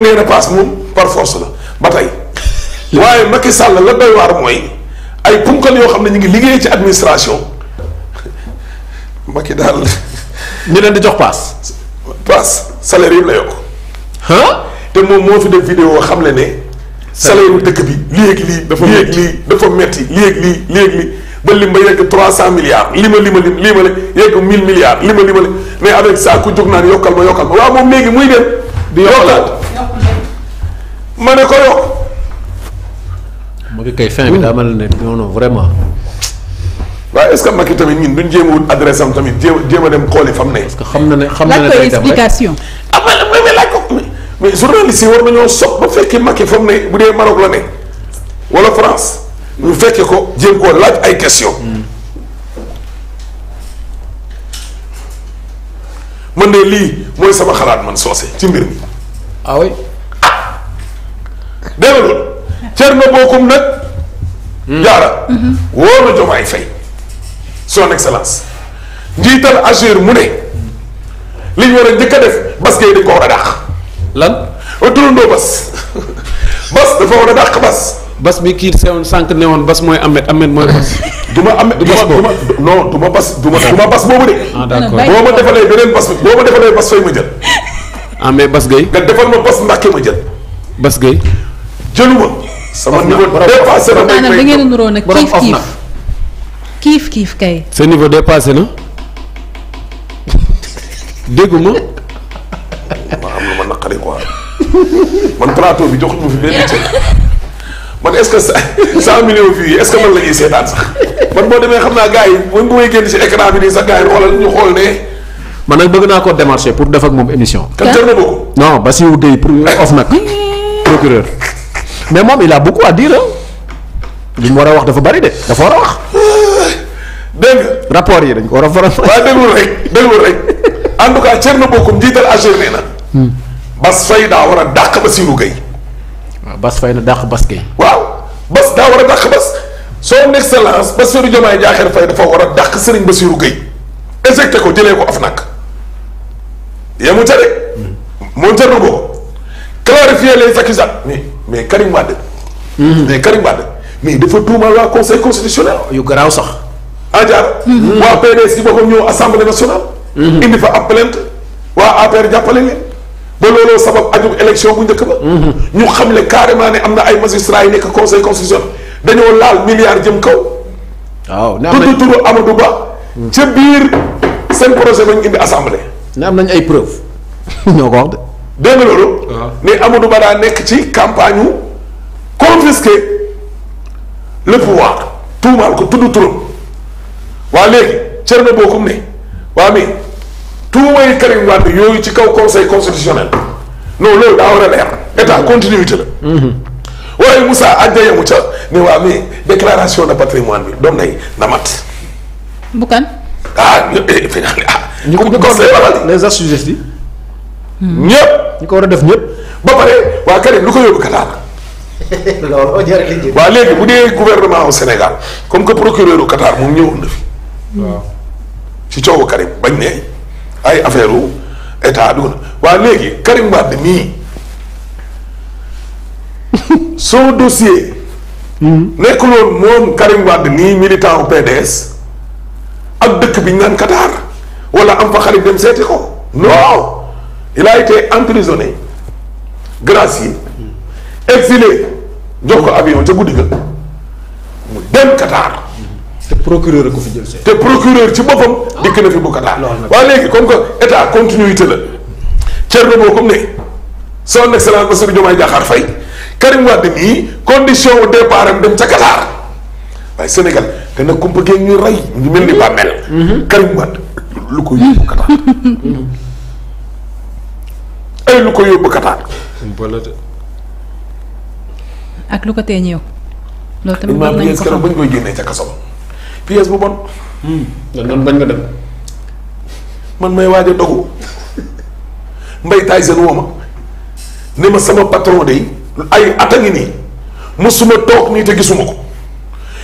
nee na paas moom par force la ba tey waaye Macky sàll la doy waar mooy ay punkal yoo xam ne ñu ngi liggéey ci administration Macky daal ñu leen di jox paas paas salaire yëpp la yokk ah te moom moo fi def vidéo xam le ne salaire yu dëkk bi lii ak lii dafa lii ak lii dafa metti lii ak lii lii ak lii ba lim ba yegg trois cent milliards lima lima lim lima lima lima mais avec ça ku jóg naan yokkal ma yokkal ma waaw moom léegi muy dem bi yokkal ma ne ko yokk. Macky kay fin bi daa mel ne non non vraiment. waaw est-ce que Macky tamit ñun duñ jéem a wut adresse tamit jéem a jéem a dem xooli fam ne. parce que xam na ne xam na ne day dem explication. ah ma ne laaj ko mais journaliste yi war nañoo sopp ba fekkee Macky fam ne bu dee Maroc la ne wala France ñu fekkee ko jéem koo laaj ay question man de lii mooy sama xalaat man soose ci mbir mi. ah oui. dégg nga loolu. Thierno Bocoum nag. jaara. Hmm. Hmm. wóor na Diomaye Faye son excellence. njiital Agir mu ne. li ñu war a njëkk a def bas kay dañ ko war a dàq. lan. turandoo bas. bas dafa war a dàq bas. bas bi kii sewoon sànq ne woon bas mooy Ahmed Ahmed mooy bas. du ma Ahmed du ma bas du ma bas boobu de. ah ma defalee beneen bas boo ma defalee bas fay ma ah mais Bas Gueye. nga defal ma Bas Mbàkke ma jël. Bas Gueye. jëluma. sama niveau dépassé na maanaam da ngeen a nuroo nag kiif kiif kiif kiif kay. sa niveau dépassé na dégguma. ma am lu ma naqari quoi man plateau bi jox ma fi benn cër man est-ce que cent millions vues yi est-ce que man la seetaan sax man boo demee xam naa gars yi bu may génn si écran sax gars yi xoolal ñu xool ne. man nag bëgg naa ko démarcher pour def ak moom émission. kan jar na ko. non Bassirou Gueye pour of nag procureur mais moom il a beaucoup à dire li mu war a wax dafa bari de dafa war a wax. dégg rapport yi dañ ko war a faram. tout cas Thierno na. Hmm. Bas Faye daa war a dàq Bassirou Gueye. waaw Bas Faye na dàq Bas Gueye. waaw Bas daa war a dàq Bas son excellence Bassirou Diomaye Diakhar Faye dafa war a dàq Serigne Bassirou Gueye éjecté ko jëlee ko af nag. yemu ca rek monter na ko clarifier les accusations mais mais Karim Wade. Hmm. mais Karim Wade mais dafa tuumaal waa conseil constitutionnel. yu garaaw sax. ah jaar. Hmm. waa PDS yi boppam ñëw assemblée nationale. Hmm. indi fa ab plainte waa APR jàppale leen. ba looloo sabab aju élection bu njëkk ba. ñu xam ne carrément ne am na ay magistrats yi nekk conseil constitutionnel dañoo laal milliard jëm kaw. waaw ne am tudd turu Amadou Ba. ca biir seen projet ba ñu indi assemblée. ne am nañ ay preuve ñoo ko wax de. dégg loolu. Ah. ne Amadou Ba daa nekk ci campagne wu confisquer le pouvoir tuumaal ko tudd turam waa léegi boo Bocoum ne waa mi tuumay Karim Wade yooyu ci kaw conseil constitutionnel non loolu daa war a leer état mm-hmm. continuité la. Mm-hmm. waaye Moussa Adja yemu ca ne waa mi déclaration de patrimoine bi doom nay na mat. bu ah eh, ah. ñi ko hmm. ñi ko war a def ñëpp. ba pare waa Karim lu ko yóbbu Qatar. loolu léegi bu dee gouvernement au Sénégal comme que procureur u Qatar moom ñëwoon na fi. Hmm. waaw ci coowu Karim bañ ne ay affaire u état dugg na waaw léegi Karim Wade mii son dossier. Hmm. nekkuloon moom Karim Wade nii militant au PDS ak dëkk biñ ñu naan Qatar. wala am fa xarit dem seeti ko non il a été emprisonné gracié jox ko avion ca guddi ga mu dem Qatar. te procureur fi jël te procureur ci boppam dikk na fi bu Qatar. waaw léegi comme que état continuité la Thierno boo comme ne son excellence monsieur Diomaye Diakhar Faye Karim Wade mii condition wu départ dem ca Qatar waaye Sénégal dana kumpa géeg ñuy rey ñu mel ni bàmmeel mm-hmm. Karim Wade lu ko yóbbu Qatar ay lu ko yóbbu Qatar. ak lu ko tee ñëw. loolu tamit war nañu ko ba hmm. dañ doon nga dem. man may waaj a dogu mbay taay seen wooma ne ma sama patron de ay at a ngi nii mosuma toog nii te gisuma ko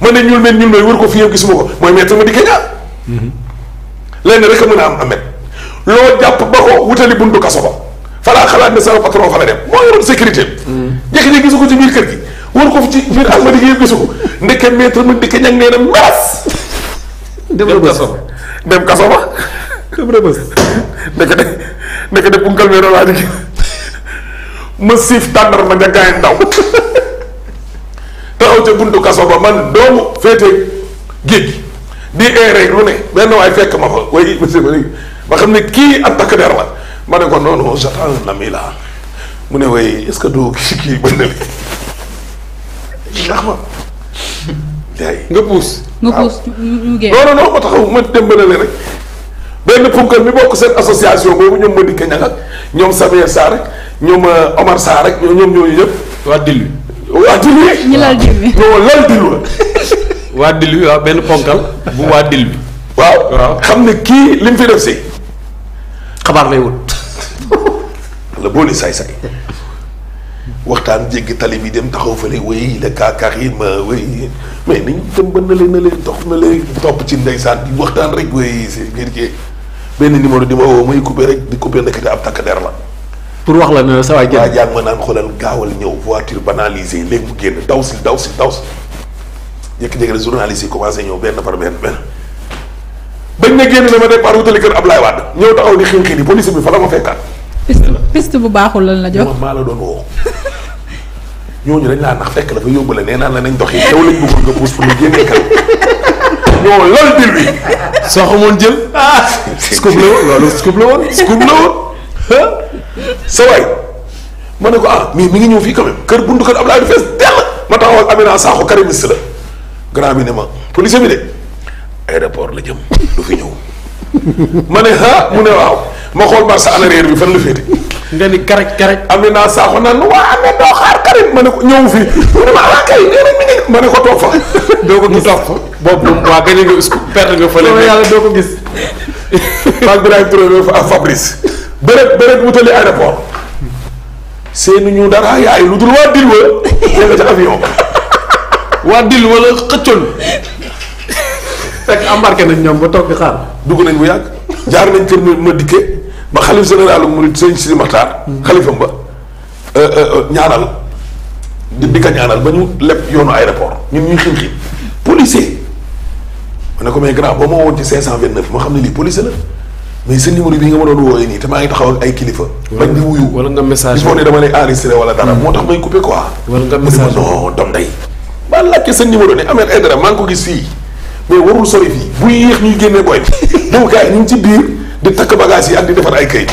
ma ne ñuul meen ñuul nooy wër ko fi yow gisuma ko mooy maître ma di Kenya. lenn rek a mën a am amet loo jàpp ba ko wutali buntu kaso ba falaa xalaat ne sama patron fa sécurité mm. jékki-jékki gisu ko ci biir kër gi ko fi ci biir almadi gi yëpp gisu ko ndeke maître mu ndeke na mees dem kaso dem kaso ba dem ma siif tàndar ma nga gaañ ndaw taxaw ca buntu kaso ba man doomu féete géej gi di eeree lu ne benn waay fekk ma fa way monsieur ba léegi ma xam ne kii ab takk der la ma ne ko non non j'attends un ami mu ne way ce que doo gis kii bëndali ma nga puus. nga ñu génn non non non ma taxaw ma démbalale rek benn punkal mi bokk seen association boobu ñoom Madické Niang ak ñoom Samir Sarr rek ñoom euh, Omar Sarr rek ñoom ñooñu ñëpp. waa Dillu. waa Dillu. ñi lal Dillu ñoo lal Dillu la. waa dil bi waaw benn ponkal bu waa dil bi. waaw xam ne kii li mu fi def si. xabaar lay wut. la boole saay-saay waxtaan jéggi tali bi dem taxaw fële wéy la kaakaar yi ma wéy mais nañ dem ba na leen na leen tox na leen topp ci ndeysaan bi waxtaan rek wéy si ngir kii benn numéro di ma woo may coupé rek di coupé nekk te ab takk der la. pour wax la ne sa waay génn. waa jàng ma naan xoolal gaawal ñëw voiture banalisée léegi mu génn daw si daw si daw si. yëkk-yëkk rek journaliste yi commencé ñëw benn par benn benn bañ ne génn dama départ wutali kër Ablaye Wade ñëw taxaw di xiin xiin yi police bi fa la ma fekkaat. piste piste bu baaxul lan la jox maa la doon ñoo ñu dañ laa nax fekk dafa yóbbu la nee naa la nañ dox yi yow lañ bëggoon nga puus pour ñu génnee kër ñoo lal dil bi soo xamoon jël. Ah. scoop la woon loolu scoop la woon scoop la woon sa waay ma ne ko ah mais mi ngi ñëw fii quand même kër buntu kër Ablaye du fees dell ma taxaw ak Amina Sakho grand bi ne ma policier bi de aéroport la jëm du fi ñëw ma ne ah mu ne waaw ma xool Barça en arrière bi fan la féete. nga ni karaj karaj amee naa saako naan waa amee doo xaar Karim ma ne ko ñëw fii mu ne ma ah kay nee mi ngi ma ne ko toog fa. doo ko gis toog fa boobu waa gañ nga us perte nga fële. yàlla doo ko gis. Pape Birahim Touré fa Fabrice bëreet bëreet wutali aéroport seenu ñu dara yaay lu dul waa Dilwa nga ca avion waa dil wala xëccoon fekk embarqué nañ ñoom ba toog di xaar. dugg nañ bu yàgg jaar nañ kër ma dikkee ba xalif général murid sëñ Sidi Maxtaar. xalifam ba euh, euh, euh, ñaanal di di ko ñaanal ba ñu leb yoonu aéroport ñun ñuy xiin xiin policier ma ne ko mais grand boo ma woon ci 529 ma xam ne lii policier la mais sa numéro bi nga ma doon nii te maa ngi taxaw ak ay kilifa. bañ di wuyu wala nga message. il faut ne dama lay enregistré wala dara. Hmm. moo tax may coupé quoi. wala nga message non maa laajte seen numéro ne Ahmed Aidara maa ngi ko gis fii mais warul sori fii bu yéex ñuy génnee booy bi donc gars yi ñu ci biir di takk bagage yi ak di defar ay kayit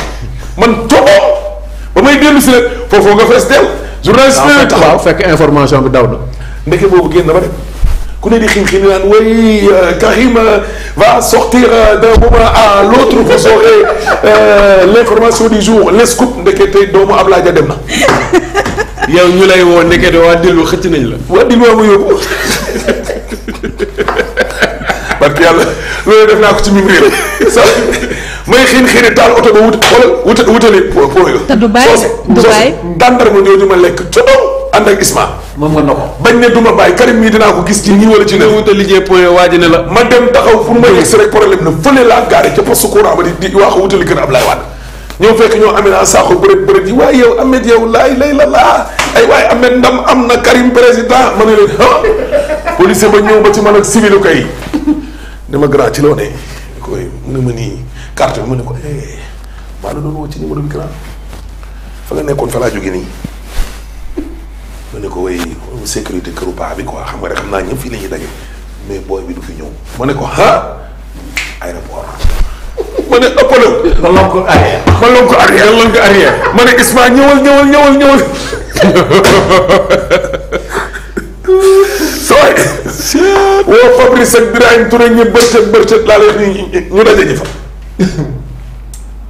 man toogoo ba may dellu si leen foofoo nga fees teew. journaliste yooyu taxaw waaw fekk information bi daw na. ndeke boobu génn ba dem ku ne di xiin xiin naan way euh, Karim euh, va sortir euh, d'un moment à l'autre vous aurez l'information du jour les scoops ndeke tey doomu Ablaye Dia dem na. yow ñu lay woo nekkee waa dillu nañ la. waa dillu waa ma yóbbu. parce que yàlla loolu def naa ko ci mim réew sax may xiin xiini taal oto ba wut xoolal wuta wutali pooyo. te Dubaay ma lekk coono ànd ak Isma. moom nga ndox bañ ne du ma bàyyi Karim mii dinaa ko gis ci ñi wala ci ne. wuta liggéey pooyo waaji ne la. ma dem taxaw pour ma yegg si ñoo fekk ñoo amee naa saako bërëb bërëb yi waaye yow Ahmed yow laay lay la laa. ay waaye am na ndam am na Karim président ma ne leen ah policier ba ñëw ba ci man ak civilu kay ne ma grand ci loo ne koy eh, mu ma nii carte bi mu ne ko eh maa la doon woo ci numéro bi grand fa nga nekkoon fa laa jógee nii ma ne ko way sécurité këru baax bi ko waa xam nga rek xam naa ñëpp fii la ñuy daje mais booy bi du fi ñëw ma ne ko ah aéroport. ma ne ëpp na. ma lonku arrière. ma lonku arrière ma lonku arrière. ma ne Isma ñëwal ñëwal ñëwal ñëwal. sooy. woo Fabrice ak Birahim Touré ñu bërcët ñu fa.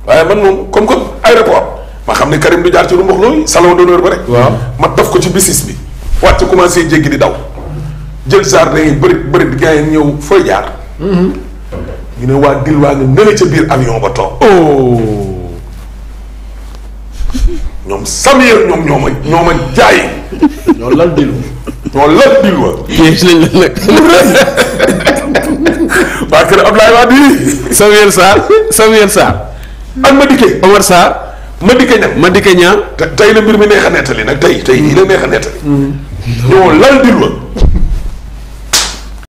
waaye man moom comme comme aéroport ma xam ne Karim du jaar ci lu mbox salon d'honneur ba rek. ma daf ko ci bisis bi. wàcc commencé jéggi di daw. jël jardin yi bëri bëri gars ñëw fooy jaar. Mm-hmm. ñu waa dil waa nga nële ca biir avion ba toog oh ñoom Samir ñoom ñoo ma ñoo ma jaay. ñoo lal dil ñoo lal dil wa. yéen lañ la waa kër Abdoulaye Wade yi. Samuel Sarr Samuel Sarr. ak Madické Omar Sarr. Madické Niang Madické Niang. te tey la mbir mi neex a nettali nag tey tey jii neex a nettali. Mm-hmm. ñoo lal dil